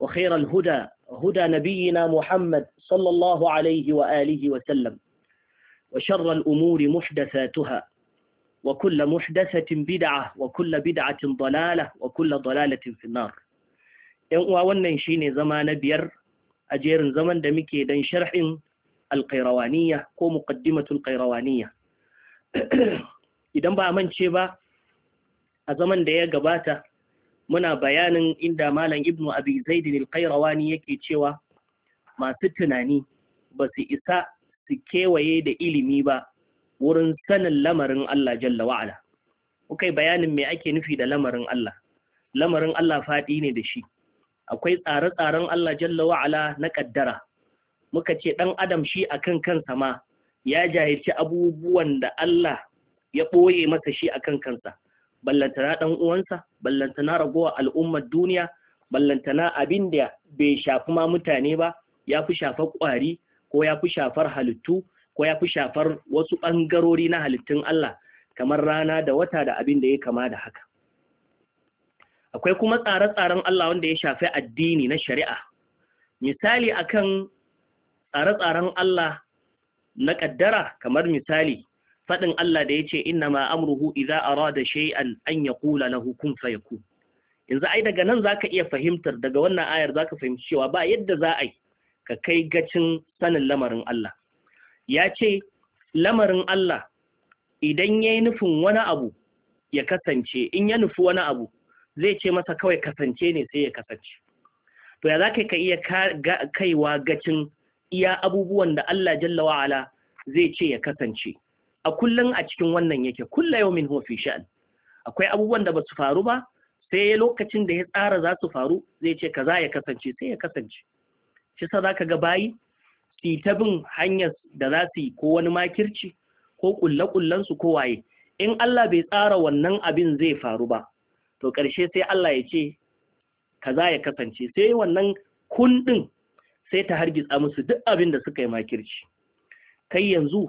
وخير الهدى هدى نبينا محمد صلى الله عليه وآله وسلم وشر الأمور محدثاتها وكل محدثة بدعة وكل بدعة ضلالة وكل ضلالة في النار وأن نشين زمان بير أجير زمن دمكي دن شرح القيروانية كو مقدمة القيروانية إذا ما أمن شبا أزمن دي قباته muna bayanin inda malam ibnu abi zaidin al-qayrawani yake cewa masu tunani ba su isa su kewaye da ilimi ba wurin sanin lamarin Allah jalla wa'ala mukai bayanin me ake nufi da lamarin Allah lamarin Allah faɗi ne da shi akwai tsare-tsaren Allah jalla wa'ala na kaddara muka ce ɗan adam shi akan kansa ma ya jahilci abubuwan da Allah ya ɓoye masa shi akan kansa ballantana ɗan uwansa ballantana ragowa al'ummar duniya ballantana abin da bai shafi ma mutane ba ya fi shafar ƙwari ko ya fi shafar halittu ko ya fi shafar wasu ɓangarori na halittun Allah kamar rana da wata da abin da ya kama da haka akwai kuma tsare-tsaren Allah wanda ya shafi addini na shari'a misali akan tsare-tsaren Allah na kaddara kamar misali faɗin Allah da ya ce inna ma amruhu idza arada shay'an an yaqula lahu kun fayakun yanzu ai daga nan zaka iya fahimtar daga wannan ayar zaka fahimci cewa ba yadda za a yi ka kai gacin sanin lamarin Allah ya ce lamarin Allah idan ya yi nufin wani abu ya kasance in ya nufi wani abu zai ce masa kawai kasance ne sai ya kasance to ya za ka iya kaiwa gacin iya abubuwan da Allah jalla wa'ala zai ce ya kasance a kullum a cikin wannan yake kulle yau min hofi sha'an akwai abubuwan da ba su faru ba sai lokacin da ya tsara za su faru zai ce kaza ya kasance sai ya kasance shi sa za ka ga bayi su bin hanyar da za su ko wani makirci ko kulle su ko waye in Allah bai tsara wannan abin zai faru ba to ƙarshe sai Allah ya ce kaza ya kasance sai wannan kun din sai ta hargitsa musu duk abin da suka yi makirci kai yanzu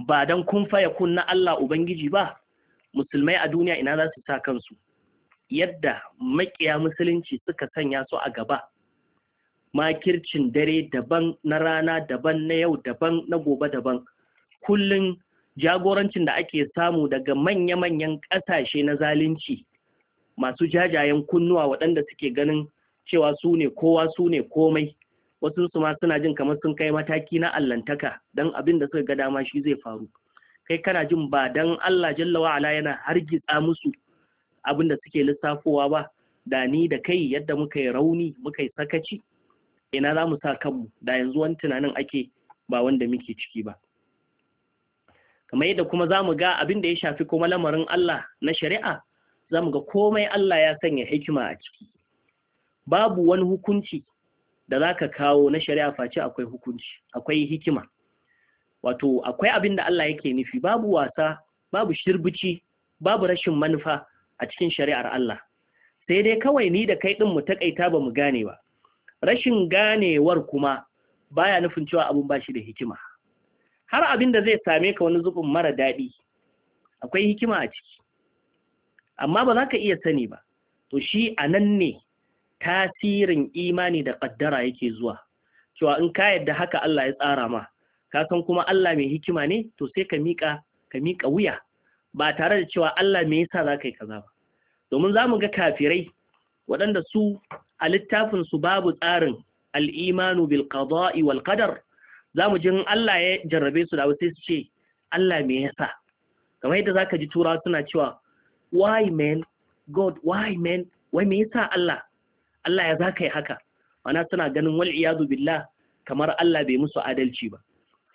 ba don kun faya kun na Allah ubangiji ba musulmai a duniya ina za su sa kansu yadda makiya musulunci suka sanya su a gaba makircin dare daban na rana daban na yau daban na gobe daban kullum jagorancin da ake samu daga manya-manyan ƙasashe na zalunci masu jajayen kunnuwa waɗanda suke ganin cewa su ne kowa su ne komai wasu su ma suna jin kamar sun kai mataki na allantaka don abin da suka ga dama shi zai faru kai kana jin ba don Allah jalla wa'ala yana hargitsa musu abin da suke lissafowa ba da ni da kai yadda muka yi rauni muka yi sakaci ina za mu sa kanmu da yanzu wani tunanin ake ba wanda muke ciki ba kamar yadda kuma za mu ga abin da ya shafi kuma lamarin Allah na shari'a za mu ga komai Allah ya sanya hikima a ciki babu wani hukunci da za ka kawo na shari'a face akwai hukunci akwai hikima wato akwai abin da Allah yake nufi babu wasa babu shirbici babu rashin manufa a cikin shari'ar Allah sai dai kawai ni da kai din mu takaita ba mu gane ba rashin ganewar kuma baya nufin cewa abun shi da hikima har abin da zai same ka wani zubin mara daɗi akwai hikima a ciki amma ba za ka iya sani ba to shi a ne tasirin imani da kaddara yake zuwa cewa in ka yadda haka Allah ya tsara ma ka san kuma Allah mai hikima ne to sai ka miƙa ka mika wuya ba tare da cewa Allah me yasa zaka yi kaza ba domin zamu ga kafirai waɗanda su a littafin su babu tsarin al-imanu bil qada'i wal qadar zamu jin Allah ya jarrabe su da sai su ce Allah me yasa kamar yadda zaka ji turawa suna cewa why man god why man wai me yasa Allah Allah ya za yi haka wana suna ganin wal iyadu billah kamar Allah bai musu adalci ba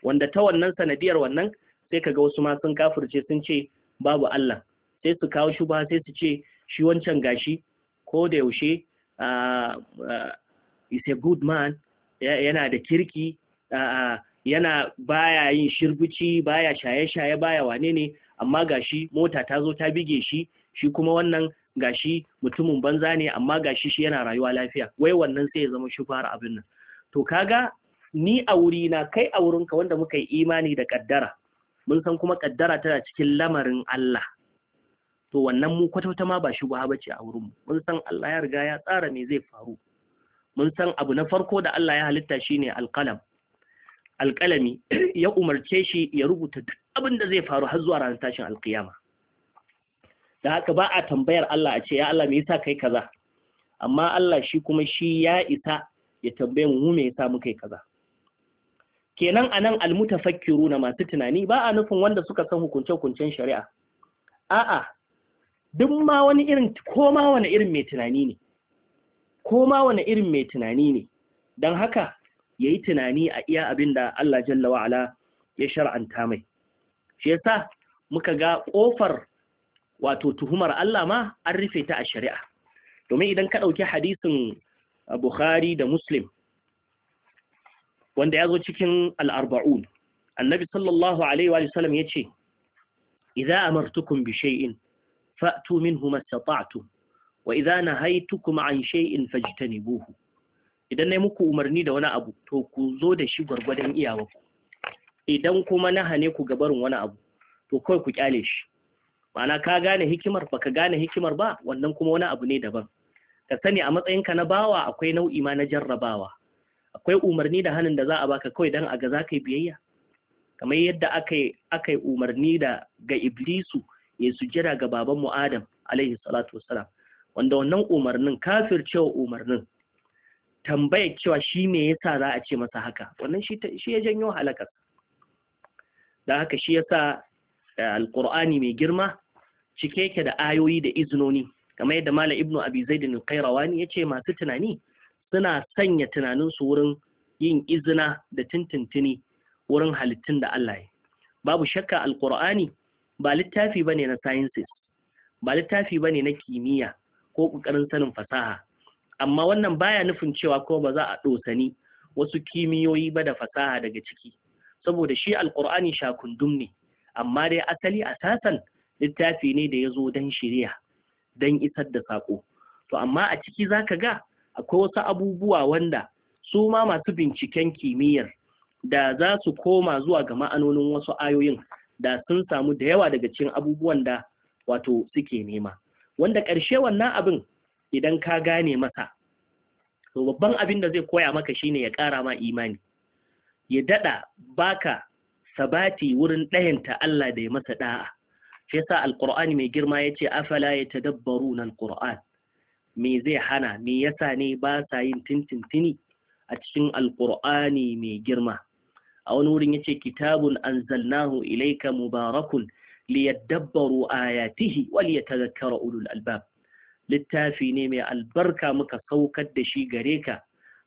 wanda ta wannan sanadiyar wannan sai kaga wasu ma sun kafirce sun ce babu Allah sai su kawo ba sai su ce shi wancan gashi ko da yaushe ah, ah, is a good man yana da kirki ah, yana baya yin shirbici baya shaye-shaye baya wane ne amma gashi mota ta zo ta bige shi shi kuma wannan gashi mutumin banza ne amma gashi shi yana rayuwa lafiya wai wannan sai ya zama shi fara abin nan to kaga ni a wuri na kai a wurinka wanda muka yi imani da kaddara mun san kuma kaddara tana cikin lamarin Allah to wannan mu kwatauta ma ba ba bace a wurin mu mun san Allah ya riga ya tsara me zai faru mun san abu na farko da Allah ya halitta shine alqalam alqalami ya umarce shi ya rubuta duk abin da zai faru har zuwa ranar tashin alqiyama da haka ba a tambayar Allah a ce ya Allah me yasa kai kaza amma Allah shi kuma shi ya isa ya tambaye mu mu me yasa mu kai kaza kenan anan almutafakkiruna masu tunani ba a nufin wanda suka san hukunce-hukuncen shari'a a'a duk ma wani irin ko ma wani irin mai tunani ne ko ma wani irin mai tunani ne dan haka yayi tunani a iya abin da Allah jalla wa'ala ya shar'anta mai shi yasa muka ga kofar wato tuhumar Allah ma an rufe ta a shari'a domin idan ka ɗauki hadisin ah, Bukhari da Muslim wanda ya zo cikin al'arba'un annabi sallallahu alaihi wa sallam ya ce idza amartukum bi shay'in fa'tu minhu mastata'tum wa idza nahaytukum an shay'in fajtanibuhu idan nayi muku umarni da wani abu to ku zo da shi gwargwadon iyawa idan kuma na hane ku gabarin wani abu to kawai ku kyale shi ma'ana ka gane hikimar baka gane hikimar ba wannan kuma wani abu ne daban ka sani a matsayinka na bawa akwai nau'i ma na jarrabawa akwai umarni da hannun da za a baka kawai don a ga za ka yi biyayya kamar yadda aka yi umarni da ga iblisu ya sujjada ga baban mu adam alaihi salatu wassalam wanda wannan umarnin kafir cewa umarnin Tambaya cewa shi me yasa za a ce masa haka wannan shi ya janyo halakar da haka shi yasa alqur'ani mai girma cike yake da ayoyi da iznoni kamar yadda Malam Ibnu Abi Zaid al-Qayrawani yace masu tunani suna sanya tunanin su wurin yin izina da tintintini wurin halittun da Allah ya babu shakka alqur'ani ba littafi bane na sciences ba littafi bane na kimiyya ko kokarin sanin fasaha amma wannan baya nufin cewa ko ba za a dosani wasu kimiyoyi ba da fasaha daga ciki saboda shi alqur'ani shakundum ne amma dai asali asasan littafi ne da ya zo don shirya don isar da saƙo to amma a ciki za ka ga akwai wasu abubuwa wanda su ma masu binciken kimiyyar da za su koma zuwa ga ma'anonin wasu ayoyin da sun samu da yawa daga cikin abubuwan da wato suke nema wanda ƙarshe wannan abin idan ka gane masa to babban abin da zai koya maka shine ya ƙara ma imani ya daɗa baka sabati wurin ɗayanta Allah da ya masa ɗa'a shi yasa alqur'ani mai girma yace afala ya yatadabbaruna n'Alƙur'an. me zai hana me yasa ne ba sa yin tintintini a cikin alqur'ani mai girma a wani wurin yace kitabun anzalnahu ilayka mubarakun liyadabbaru ayatihi wa liyatadhakkara ulul albab littafi ne mai albarka muka saukar da shi gare ka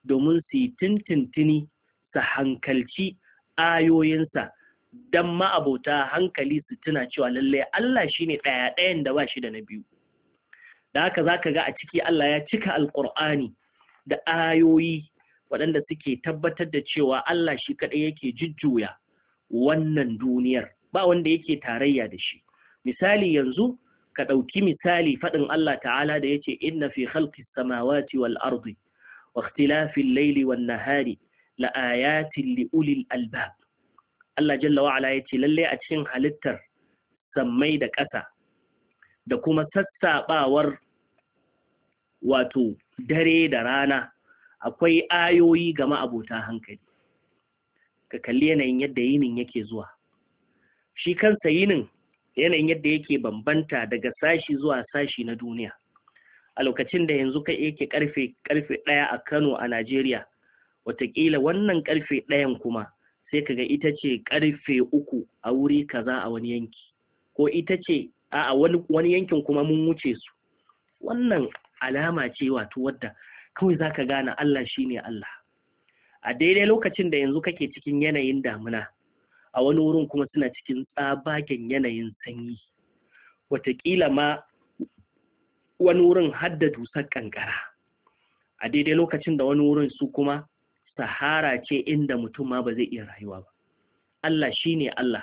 domin su yi tintintini su hankalci ayoyinsa dan ma'abota hankali su tuna cewa lalle Allah shine ɗaya ɗayan da ba shi da na biyu da haka za ka ga a ciki Allah ya cika alqur'ani da ayoyi waɗanda suke tabbatar da cewa Allah shi kaɗai yake jujjuya wannan duniyar ba wanda yake tarayya da shi misali yanzu ka ɗauki misali faɗin Allah ta'ala da yace inna fi khalqis samawati wal ardi wa ikhtilafil layli wan nahari la ayatin li ulil albab Allah jalla wa ala yace lalle a cikin halittar sammai da ƙasa da kuma sassaɓawar wato dare da rana akwai ayoyi ga ma'abota hankali ka kalli yanayin yadda yinin yake zuwa shi kansa yinin yanayin yadda yake bambanta daga sashi zuwa sashi na duniya a lokacin da yanzu ka yake karfe karfe ɗaya a kano a najeriya watakila wannan karfe ɗayan kuma sai kaga ita ce karfe uku a wuri kaza a wani yanki ko ita ce a wani yankin kuma mun wuce su wannan alama ce wato wadda kawai za ka gane Allah shi ne Allah a daidai lokacin da yanzu kake cikin yanayin damuna a wani wurin kuma suna cikin tsabagen yanayin sanyi watakila ma wani wurin hadda dusar kankara a daidai lokacin da wani wurin su kuma sahara ce inda mutum ma ba zai iya rayuwa ba Allah shine Allah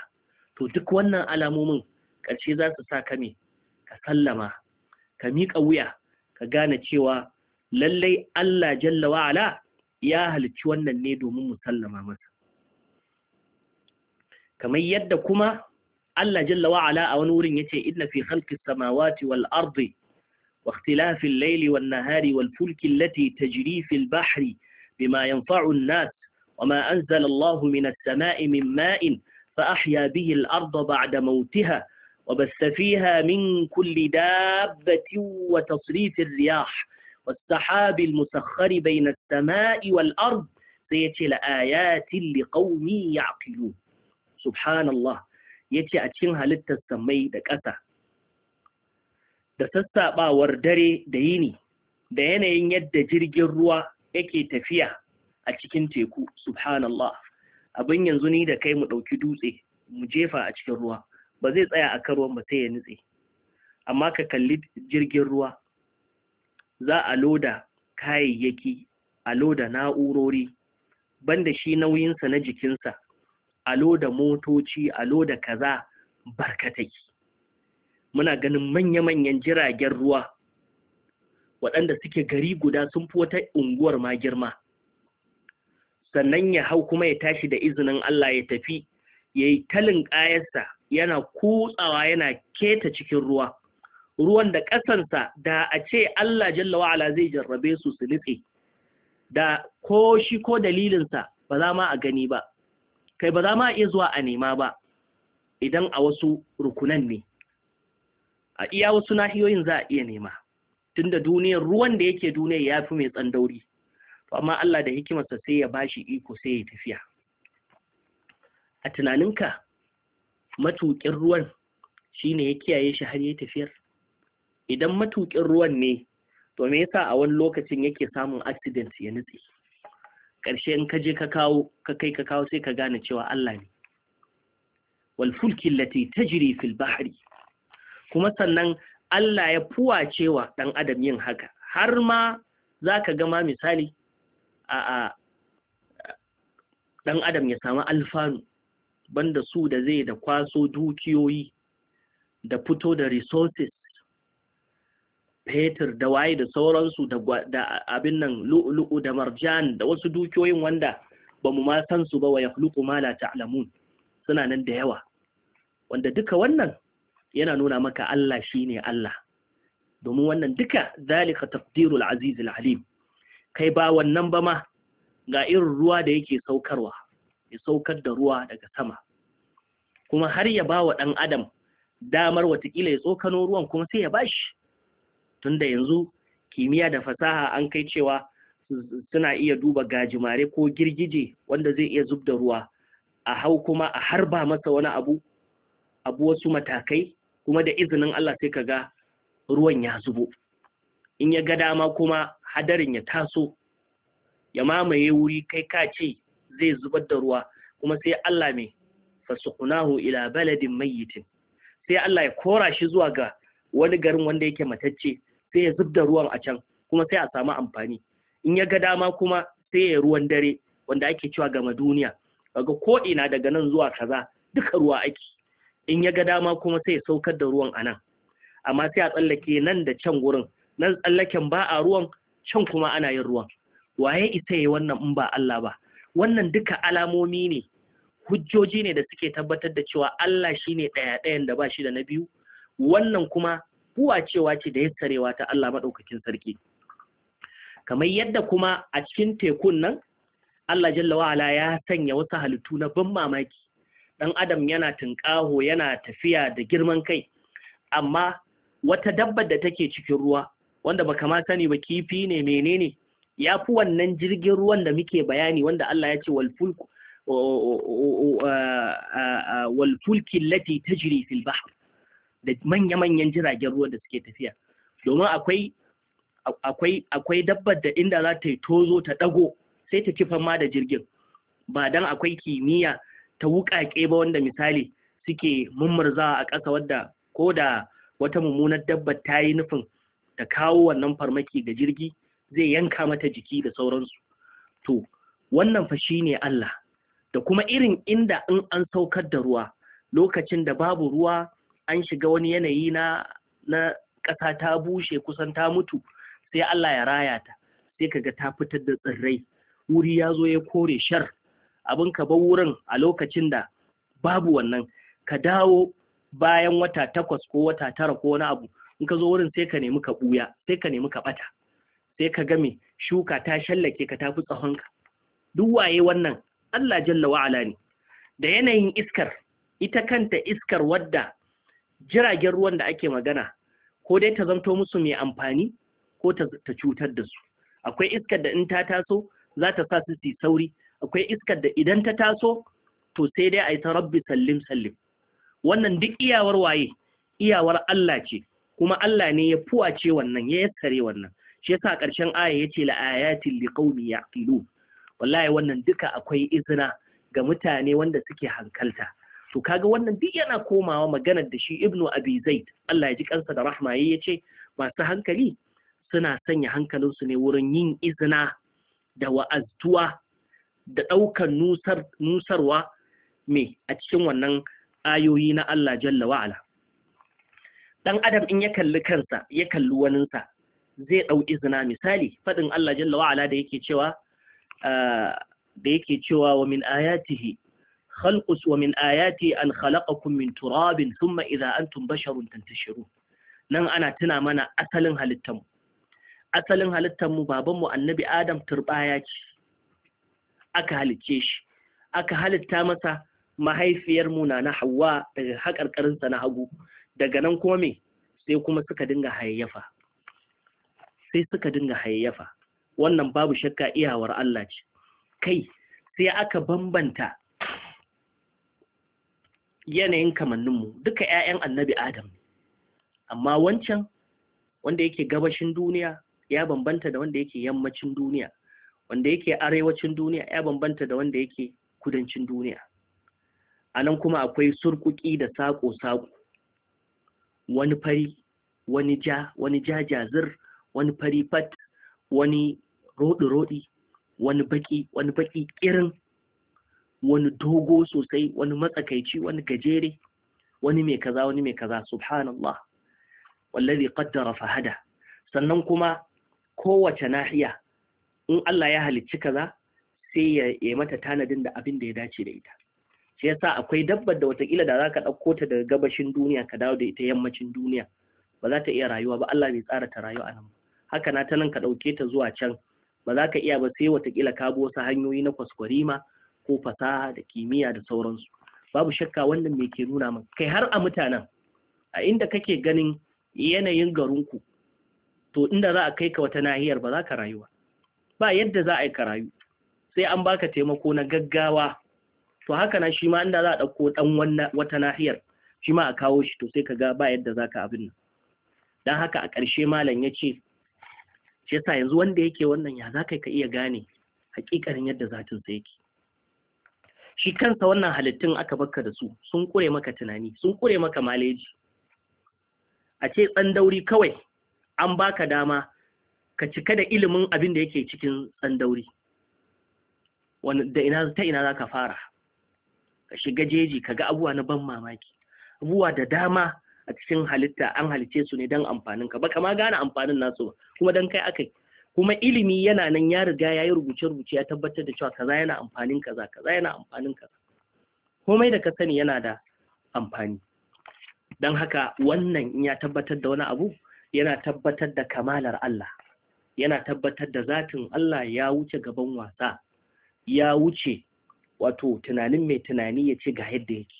to duk wannan alamomin ƙarshe za su sa ka me ka sallama ka miƙa wuya ka gane cewa lallai Allah jalla wa'ala ya halicci wannan ne domin mu sallama masa kamar yadda kuma Allah jalla wa'ala a wani wurin yace inna fi khalqis samawati wal ardi wa ikhtilafil layli wan nahari wal fulki allati tajri bahri بما ينفع الناس وما أنزل الله من السماء من ماء فأحيا به الأرض بعد موتها وبث فيها من كل دابة وتصريف الرياح والسحاب المسخر بين السماء والأرض سيتي لآيات لقوم يعقلون سبحان الله يتي أتشنها للتسمي halittar samai da ƙasa da sassaɓawar dare da yini da yake tafiya a cikin teku subhanallah abin yanzu ni da kai mu ɗauki dutse mu jefa a cikin ruwa ba zai tsaya a karuwan ba sai ya nutse amma ka kalli jirgin ruwa za a loda kayayyaki a loda na'urori banda shi nauyinsa na jikinsa a loda motoci a loda kaza barkatai muna ganin manya-manyan jiragen ruwa waɗanda suke gari guda sun fi wata unguwar ma girma sannan ya hau kuma ya tashi da izinin Allah ya tafi ya yi talin ƙayarsa yana kutsawa yana keta cikin ruwa ruwan da ƙasansa da a ce Allah jalla wa'ala zai jarrabe su su nitse da ko shi ko dalilinsa ba za ma a gani ba kai ba za ma iya zuwa a nema ba idan a wasu rukunan ne a iya wasu nahiyoyin za a iya nema tunda duniyar ruwan da yake duniyar ya fi mai tsandauri to amma Allah da hikimarsa sai ya bashi iko sai ya tafiya a tunaninka matuƙin ruwan shine ya kiyaye shi har ya tafiyar idan matuƙin ruwan ne to me yasa a wani lokacin yake samun accident ya nutse ƙarshe in ka je ka kawo ka kai ka kawo sai ka gane cewa Allah ne wal fulki Lati tajri fil bahri kuma sannan Allah ya cewa ɗan adam yin haka har ma za ka gama misali a ɗan adam ya samu alfanu banda su da zai da kwaso dukiyoyi da fito da resources fetur da waye da sauransu da abin nan lu'ulu'u da marjan da wasu dukiyoyin wanda ba mu ma san ba wa ya ma la ta'lamun suna nan da yawa wanda duka wannan yana nuna maka Allah shi ne Allah domin wannan duka zalika tafdirul azizul alim kai ba wannan ba ma ga irin ruwa da yake saukarwa ya saukar da ruwa daga sama kuma har ya ba wa ɗan adam damar watakila ya tsokano ruwan kuma sai ya bashi tunda yanzu kimiyya da fasaha an kai cewa suna iya duba gajimare ko girgije wanda zai iya zub da ruwa a hau kuma a harba masa wani abu abu wasu matakai kuma da izinin Allah sai ka ga ruwan ya zubo in ya ga dama kuma hadarin ya taso ya mamaye wuri kai ka ce zai zubar da ruwa kuma sai Allah mai fasukunahu ila baladin mayyitin sai Allah ya kora shi zuwa ga wani garin wanda yake matacce sai ya zub ruwan a can kuma sai a samu amfani in ya ga dama kuma sai ya ruwan dare wanda ake cewa gama duniya kaga ko ina daga nan zuwa kaza duka ruwa ake in ya ga dama kuma sai ya saukar da ruwan a nan amma sai a tsallake nan da can wurin, nan tsallaken ba a ruwan can kuma ana yin ruwan waye isa yi wannan in ba Allah ba wannan duka alamomi ne hujjoji ne da suke tabbatar da cewa Allah shine ɗaya ɗayan da ba shi da na biyu wannan kuma kuwa cewa ce da yassarewa ta Allah maɗaukakin sarki kamar yadda kuma a cikin tekun nan Allah jalla wa'ala ya sanya wasu halittu na ban mamaki ɗan adam yana tunƙaho yana tafiya da girman kai amma wata dabbar da take cikin ruwa wanda baka ma sani ba kifi ne menene ya fi wannan jirgin ruwan da muke bayani wanda Allah ya ce "Walfulkin walfulki lati tajri fil bahr da manya-manyan jiragen ruwa da suke tafiya domin akwai akwai akwai dabbar da inda za ta yi tozo ta dago sai ta kifan ma da jirgin ba dan akwai kimiyya ta wuƙaƙe ba wanda misali suke mummurza a ƙasa wadda ko da wata mummunar dabba ta yi nufin ta kawo wannan farmaki ga jirgi zai yanka mata jiki da sauransu to wannan fa ne Allah da kuma irin inda in an saukar da ruwa lokacin da babu ruwa an shiga wani yanayi na na ƙasa ta bushe kusan ta mutu sai Allah ya raya ta sai kaga ta fitar da tsirrai wuri ya zo ya kore shar abin ka bar wurin a lokacin da babu wannan ka dawo bayan wata takwas ko wata tara ko wani abu in ka zo wurin sai ka nemi ka buya sai ka nemi ka bata sai ka game shuka ta shallake ka tafi tsahonka duk waye wannan Allah jalla wa'ala ne da yanayin iskar ita kanta iskar wadda jiragen ruwan da ake magana ko dai ta zanto musu mai amfani ko ta, cutar da su akwai iskar da in ta taso za ta sa su su sauri akwai iskar da idan ta taso to sai dai a yi ta rabbi sallim sallim wannan duk iyawar waye iyawar Allah ce kuma Allah ne ya fuwace wannan ya yaskare wannan shi yasa ƙarshen aya yace la ayatin liqaumi yaqilu wallahi wannan duka akwai izina ga mutane wanda suke hankalta to kaga wannan duk yana komawa maganar da shi ibnu abi zaid Allah ya ji kansa da rahma yayi yace masu hankali suna sanya hankalinsu ne wurin yin izina da wa'azuwa. da ɗaukar nusarwa me a cikin wannan ayoyi na Allah jalla wa'ala Ɗan adam in ya kalli kansa ya kalli waninsa zai ɗau izina misali faɗin Allah jalla wa'ala da yake cewa da yake cewa wa min ayatihi khalqus wa min ayati an khalaqakum min turabin thumma idza antum basharun tantashirun nan ana tuna mana asalin halittanmu asalin halittanmu babanmu annabi adam turbaya ce aka halicce shi aka halitta masa mahaifiyarmu mu na na hawa daga hakarkarin na hagu daga nan kuma me sai kuma suka dinga hayayyafa sai suka dinga hayayyafa wannan babu shakka iyawar Allah ce kai sai aka bambanta yanayin kamanninmu duka 'ya'yan annabi Adam amma wancan wanda yake gabashin duniya ya bambanta da wanda yake yammacin duniya wanda yake arewacin duniya ya bambanta da wanda yake kudancin duniya a nan kuma akwai surkuki da saƙo-saƙo wani fari wani ja wani jajazir wani fari fat wani roɗi-roɗi wani baƙi wani baƙi ƙirin wani dogo sosai wani matsakaici wani gajere wani mai kaza wani mai kaza subhanallah wallazi qaddara fahada sannan kuma kowace nahiya in Allah ya halicci kaza sai ya yi mata tanadin da abin da ya dace da ita shi yasa akwai dabbar da watakila da za ka ɗauko ta daga gabashin duniya ka dawo da ita yammacin duniya ba za ta iya rayuwa ba Allah bai tsara ta rayuwa nan haka na ta nan ka ɗauke ta zuwa can ba za ka iya ba sai watakila ka bi wasu hanyoyi na kwaskwarima ko fasaha da kimiyya da sauransu babu shakka wannan me ke nuna min kai har a mutanen a inda kake ganin yanayin garinku to inda za a kai ka wata nahiyar ba za ka rayuwa ba yadda za a yi karayu sai an baka taimako na gaggawa to haka na shi ma inda za a ɗauko ɗan wata nahiyar shi ma a kawo shi to sai ka ga ba yadda za ka abin don haka a ƙarshe malam ya ce shi yasa yanzu wanda yake wannan ya za ka iya gane hakikarin yadda zatinsa yake shi kansa wannan halittun aka baka da su sun kure maka tunani sun kure maka maleji a ce tsandauri kawai an baka dama ka cika da ilimin abin da yake cikin tsandauri da ina ta ina za ka fara ka shiga jeji ka ga abuwa na ban mamaki Abuwa da dama a cikin halitta an halice su ne don amfanin ka ba kama gane amfanin nasu ba kuma don kai akai kuma ilimi yana nan ya riga ya yi rubuce-rubuce ya tabbatar da cewa kaza yana amfanin kaza kaza yana amfanin kaza komai da ka sani yana da amfani don haka wannan in ya tabbatar da wani abu yana tabbatar da kamalar Allah yana tabbatar da zatin Allah ya wuce gaban wasa ya wuce wato tunanin mai tunani ya ce ga yadda yake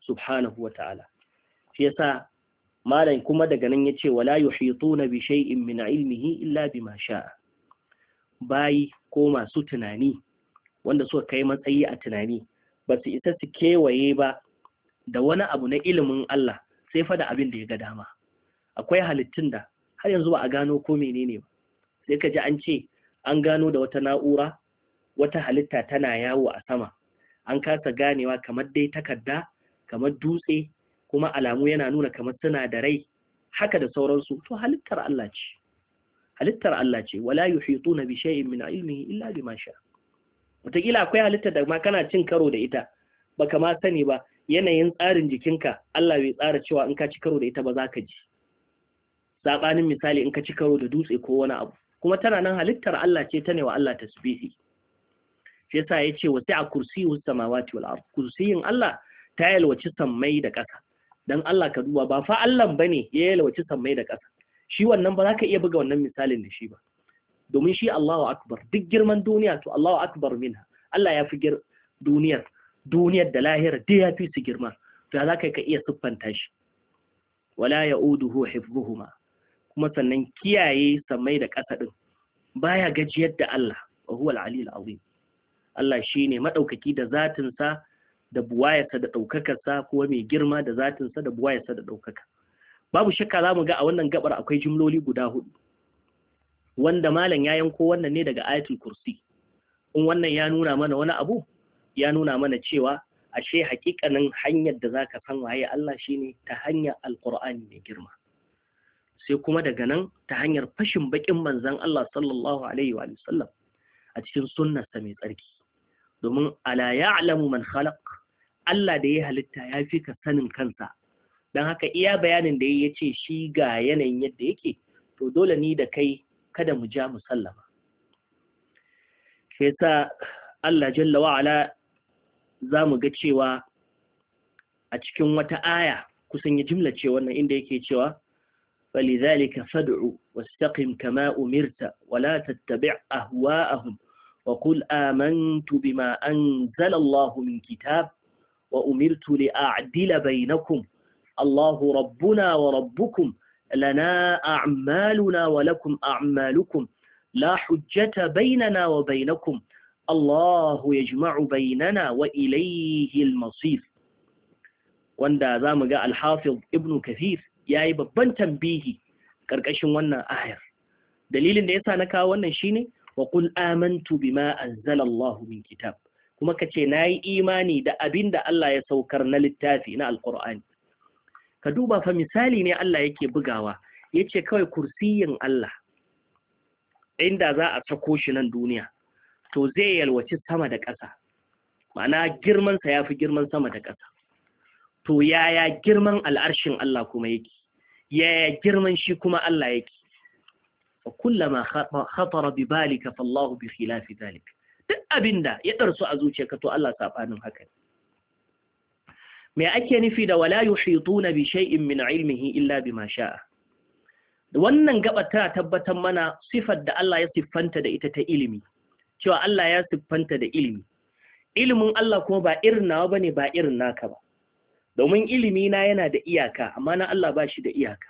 subhanahu wa ta'ala shi yasa malam kuma daga nan ya ce wala yuhituna bi shay'in min ilmihi illa bima sha'a bayi ko masu tunani wanda suka kai matsayi a tunani ba su isa su kewaye ba da wani abu na ilimin Allah sai fa da abin da ya ga dama akwai halittun da har yanzu ba a gano ko menene ba sai ka ji an ce an gano da wata na'ura wata halitta tana yawo a sama an kasa ganewa kamar dai takarda kamar dutse kuma alamu yana nuna kamar suna da rai haka da sauransu to halittar Allah ce halittar Allah ce wala yuhituna bi shay'in min ilmihi illa bima sha wataƙila akwai halittar da ma kana cin karo da ita baka ma sani ba yanayin tsarin jikinka Allah bai tsara cewa in ka ci karo da ita ba za ka ji sabanin misali in ka ci karo da dutse ko wani abu kuma tana nan halittar Allah ce ta ne wa Allah tasbihi shi yasa yace wasi'a kursiyyu samawati wal ard kursiyin Allah ta yalwaci sammai da ƙasa dan Allah ka duba ba fa Allah bane ya yalwaci sammai da ƙasa shi wannan ba za ka iya buga wannan misalin da shi ba domin shi Allahu akbar duk girman duniya to Allahu akbar minha Allah ya fi duniyar duniyar da lahira dai ya fi su girma to za ka iya siffanta shi wala ya'uduhu hifdhuhuma kuma sannan kiyaye samai da ƙasa ɗin baya gajiyar da Allah wa huwa al-aliyyul azim Allah shine maɗaukaki da zatin sa da buwayarsa da ɗaukakarsa kuma mai girma da zatinsa da buwayarsa da ɗaukaka. Babu shakka zamu ga a wannan gabar akwai jimloli guda hudu, wanda malam ya yanko wannan ne daga ayatul kursi. In wannan ya nuna mana wani abu, ya nuna mana cewa ashe hakikanin hanyar da za ka san waye Allah shine ta hanyar alkur'ani mai girma. sai kuma daga nan ta hanyar fashin baƙin manzon Allah sallallahu alaihi wa sallam a cikin sa mai tsarki domin ala ya'lamu man khalaq Allah da ya halitta ya fi ka sanin kansa don haka iya bayanin da ya ce shi ga yanayin yadda yake to dole ni da kai kada mu ja mu sallama shi yasa Allah jalla wa ala za mu ga cewa a cikin wata aya kusan ya jimla ce wannan inda yake cewa فلذلك فادع واستقم كما أمرت ولا تتبع أهواءهم وقل آمنت بما أنزل الله من كتاب وأمرت لأعدل بينكم الله ربنا وربكم لنا أعمالنا ولكم أعمالكم لا حجة بيننا وبينكم الله يجمع بيننا وإليه المصير واندا زامق الحافظ ابن كثير ya yi babban tambihi ƙarƙashin wannan ayar dalilin da ya sa na kawo wannan shine wa qul amantu bima Allahu min kitab kuma ka ce na yi imani da abin da Allah ya saukar na littafi na Alkur'ani. ka duba fa misali ne Allah yake bugawa Ya ce kawai kursiyin Allah inda za a sako shi nan duniya to zai yalwaci sama da ƙasa ma'ana girmansa ya fi girman sama da ƙasa to yaya girman al'arshin Allah kuma yake ya girman shi kuma Allah yake wa kullama khatara bi balika Allah bi khilaf zalik duk abinda ya darsu a zuciyarka to Allah sabanin haka me ake nufi da wala yuhituna bi shay'in min ilmihi illa bima sha'a wannan gaba ta tabbatar mana sifar da Allah ya siffanta da ita ta ilimi cewa Allah ya siffanta da ilimi ilimin Allah kuma ba irin nawa bane ba irin naka ba domin ilimi na yana da iyaka amma na Allah ba shi da iyaka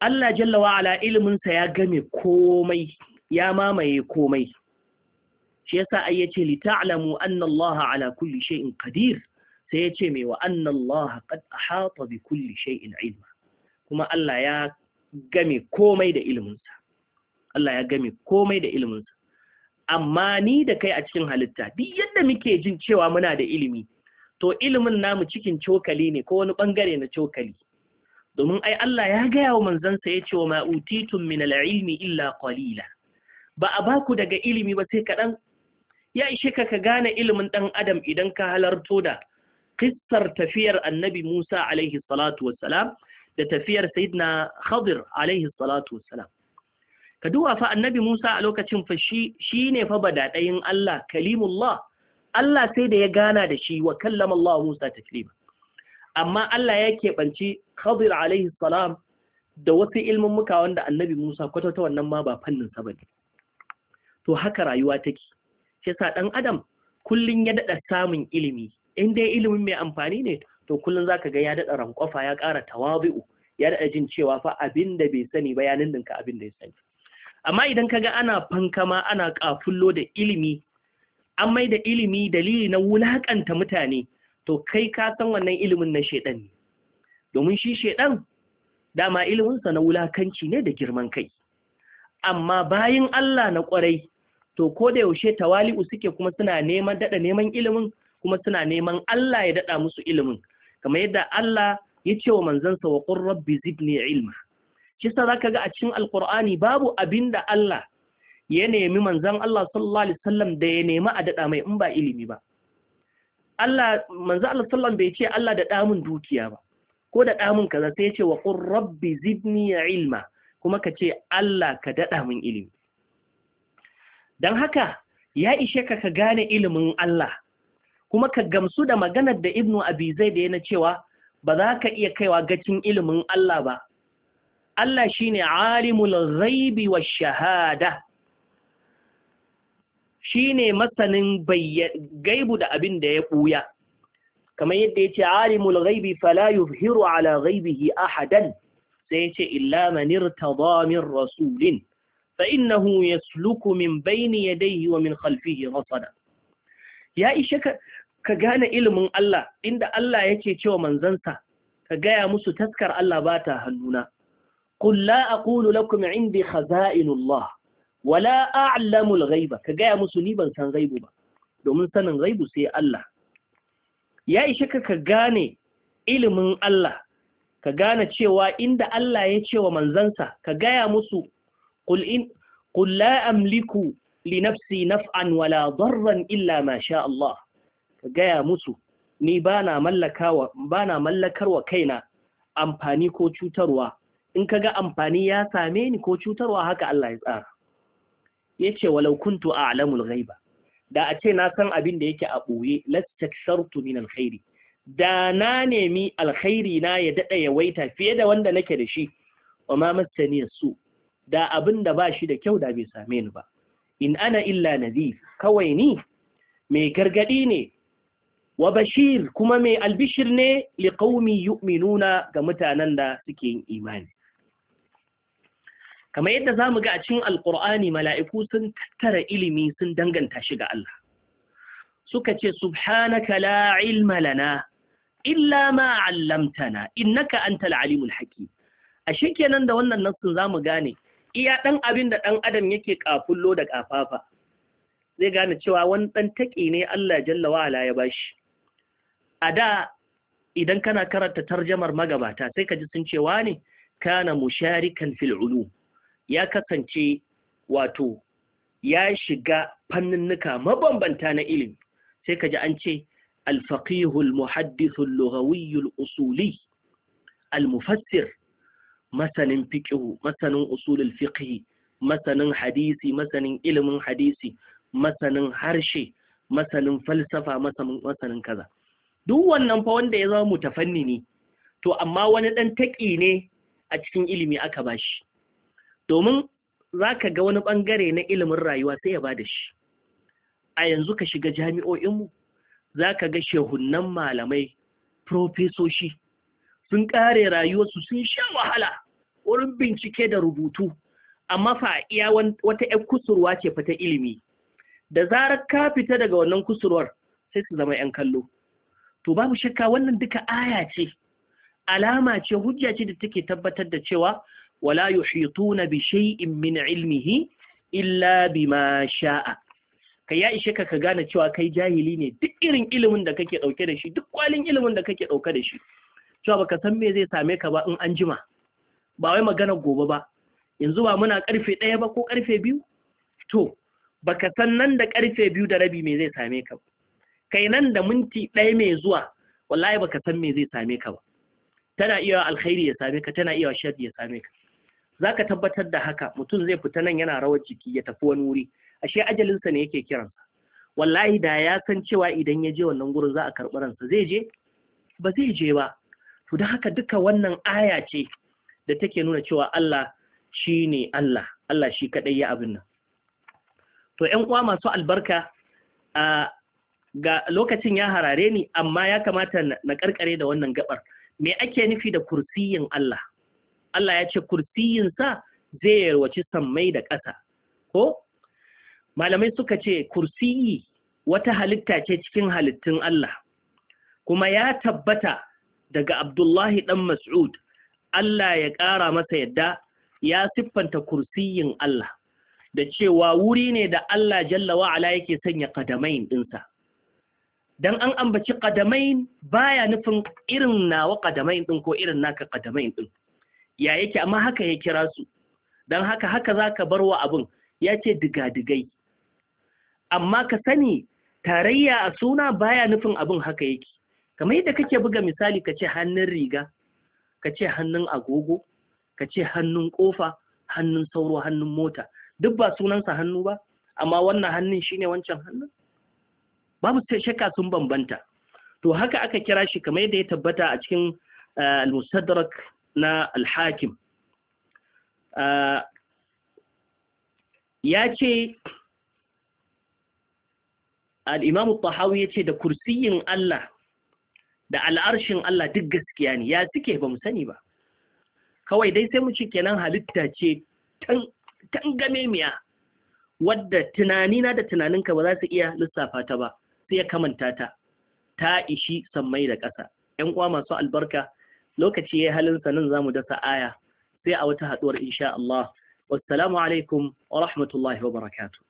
Allah jalla wa wa'ala iliminsa ya game komai ya mamaye komai shi yasa ai yace li ta'lamu anna Allah ala kulli shay'in qadir sai yace me wa anna Allah qad ahata bi kulli shay'in ilma kuma Allah ya game komai da iliminsa Allah ya game komai da iliminsa amma ni da kai a cikin halitta duk yadda muke jin cewa muna da ilimi to ilimin namu cikin cokali ne ko wani bangare na cokali domin ai Allah ya gaya wa manzansa ya ce wa ma'utitun min al'ilmi illa qalila ba a baku daga ilimi ba sai kaɗan ya ishe ka ka gane ilimin ɗan adam idan ka halarto da kissar tafiyar annabi Musa alaihi salatu wassalam da tafiyar sayyidina Khadir alaihi salatu wassalam ka duwafa fa annabi Musa a lokacin fa shi shine fa badaɗayin Allah kalimullah Allah sai da ya gana da shi wa kallama Allah Musa taklima amma Allah ya keɓanci Khadir alaihi salam da wasu ilmin muka wanda annabi Musa kwatata wannan ma ba fannin sa bane to haka rayuwa take shi yasa dan adam kullun ya dada samun ilimi in dai ilimin mai amfani ne to kullun zaka ga ya dada rankofa ya ƙara tawabi'u ya dada jin cewa fa abinda bai sani bayanin dinka abin da ya sani amma idan kaga ana fankama ana kafullo da ilimi an mai da ilimi dalili na wulaƙanta mutane to kai ka san wannan ilimin na shaidan ne domin shi shaidan dama iliminsa na wulaƙanci ne da girman kai amma bayan Allah na ƙwarai, to ko da yaushe tawali'u suke kuma suna neman dada neman ilimin kuma suna neman Allah ya dada musu ilimin kamar yadda Allah ya ce wa manzansa wa qur rabbi zidni ilma shi sa zaka ga a cikin alqur'ani babu abinda Allah ya nemi Manzan Allah sallallahu alaihi wasallam da ya nemi a dada mai in ba ilimi ba Allah manzan Allah sallallahu bai ce Allah da mun dukiya ba ko da mun kaza sai ya ce wa qur rabbi zidni ilma kuma ka ce Allah ka daɗa mun ilimi dan haka ya ishe ka ka gane ilimin Allah kuma ka gamsu da maganar da Ibnu Abi Zaid yana cewa ba za ka iya kaiwa gacin ilimin Allah ba Allah shine alimul ghaibi wash shahada shine masanin gaibu da abin da ya buya kamar yadda ya ce alimul gaibi fala yuzhiru ala ghaibihi ahadan sai yace illa man irtada min rasulin fa innahu yasluku min baini yadayhi wa min khalfihi rasada ya ishe ka ka gane ilimin Allah inda Allah yake cewa manzansa ka gaya musu taskar Allah ba ta hannuna qul la aqulu lakum indi khaza'inullah wala a'lamul ghaiba ka gaya musu ni ban san ghaibu ba domin sanin ghaibu sai Allah ya ishe ka ka gane ilimin Allah ka gane cewa inda Allah ya ce wa manzansa ka gaya musu qul in qul la amliku li nafsi naf'an wala darran illa ma sha Allah ka gaya musu ni bana mallakawa bana mallakarwa kaina amfani ko cutarwa in kaga amfani ya same ni ko cutarwa haka Allah ya tsara yace walau kuntu a'lamul ghaiba da a ce na san abin da yake a ɓoye lastaksartu min alkhairi da na nemi alkhairi na ya dada yawaita fiye da wanda nake da shi wa ma su da abin da ba shi da kyau da bai same ni ba in ana illa nadhir kawai ni mai gargadi ne wa bashir kuma mai albishir ne liqaumi yu'minuna ga mutanen da suke yin imani kamar yadda za mu ga a cikin alkur'ani mala'iku sun tattara ilimi sun danganta shi ga Allah suka ce subhanaka la ilma lana illa ma 'allamtana innaka antal alimul hakim ashe kenan da wannan nassin zamu gane iya dan abin da dan adam yake kafullo da kafafa zai gane cewa wani dan taƙi ne Allah jalla wa ala ya bashi a da idan kana karanta tarjamar magabata sai ka ji sun ce "Wani kana musharikan fil ulum ya kasance wato ya shiga fanninnuka mabambanta na ilimi sai ka ji an ce alfaqihul muhaddithul lughawiyul usuli almufassir masanin fiqhu masanin usulul fiqhi masanin hadisi masanin ilimin hadisi masanin harshe masanin falsafa masanin kaza duk wannan fa wanda ya zama mutafanni ne to amma wani dan taƙi ne a cikin ilimi aka bashi domin za ka ga wani ɓangare na ilimin rayuwa sai ya bada shi a yanzu ka shiga jami'o'inmu za ka ga shehunan malamai profesoshi sun ƙare rayuwarsu sun sha wahala wurin bincike da rubutu amma fa iya wata 'yan kusurwa ce fata ilimi da zarar ka fita daga wannan kusurwar sai su zama 'yan kallo to babu shakka wannan duka aya ce alama ce hujja ce da take tabbatar da cewa wala yuhituna بشيء من min إلا illa شاء sha'a ka ya ishe ka ka gane cewa kai jahili ne duk irin ilimin da kake dauke da shi duk kwalin ilimin da kake dauke da shi cewa baka san me zai same ka ba in an jima ba wai magana gobe ba yanzu ba muna karfe ɗaya ba ko karfe biyu to baka san nan da karfe biyu da rabi me zai same ka kai nan da minti ɗaya mai zuwa wallahi baka san me zai same ka ba tana iya alkhairi ya same ka tana iya sharri ya same ka za ka tabbatar da haka mutum zai fita nan yana rawar jiki ya tafi wani wuri ashe ajalinsa ne yake kiransa wallahi da ya san cewa idan ya je wannan gurin za a karɓi ransa zai je ba zai je ba to don haka duka wannan aya ce da take nuna cewa Allah shi ne Allah Allah shi kaɗai ya abin nan to ‘yan uwa masu albarka a ga lokacin ya harare ni amma ya kamata na karkare da wannan gabar me ake nufi da kursiyin Allah Allah ya ce kursiyinsa zai yarwaci sammai da ƙasa ko malamai suka ce kursiyi wata halitta ce cikin halittun Allah kuma ya tabbata daga Abdullahi ɗan Mas'ud Allah ya ƙara masa yadda ya siffanta kursiyin Allah da cewa wuri ne da Allah jalla wa'ala yake sanya ƙadamain ɗinsa. Don an ambaci ƙadamain baya nufin irin nawa ƙadamain ɗin ko irin naka ƙadamain ɗin. ya yake amma haka ya kira su don haka haka za ka bar wa abin ya ce digadigai amma ka sani tarayya a suna baya nufin abin haka yake kamar yadda kake buga misali ka ce hannun riga ka ce hannun agogo ka ce hannun kofa hannun sauro hannun mota duk ba sunansa hannu ba amma wannan hannun shine wancan hannun babu shakka sun bambanta to haka aka kira shi kamar yadda ya tabbata a cikin eh, al na alhakim ya ce al'imamu tahawi ya ce da kursiyin Allah da al'arshin Allah duk gaskiya ne ya suke ba mu sani ba kawai dai sai mu ce kenan halitta ce tan game miya wadda tunanina da tunaninka ba za su iya lissafa ta ba sai ya kamanta ta ta ishi sammai da ƙasa ‘yan uwa masu albarka lokaci ya halin sanin za mu dasa aya sai a wata haɗuwar insha Allah wassalamu alaikum wa rahmatullahi wa barakatuh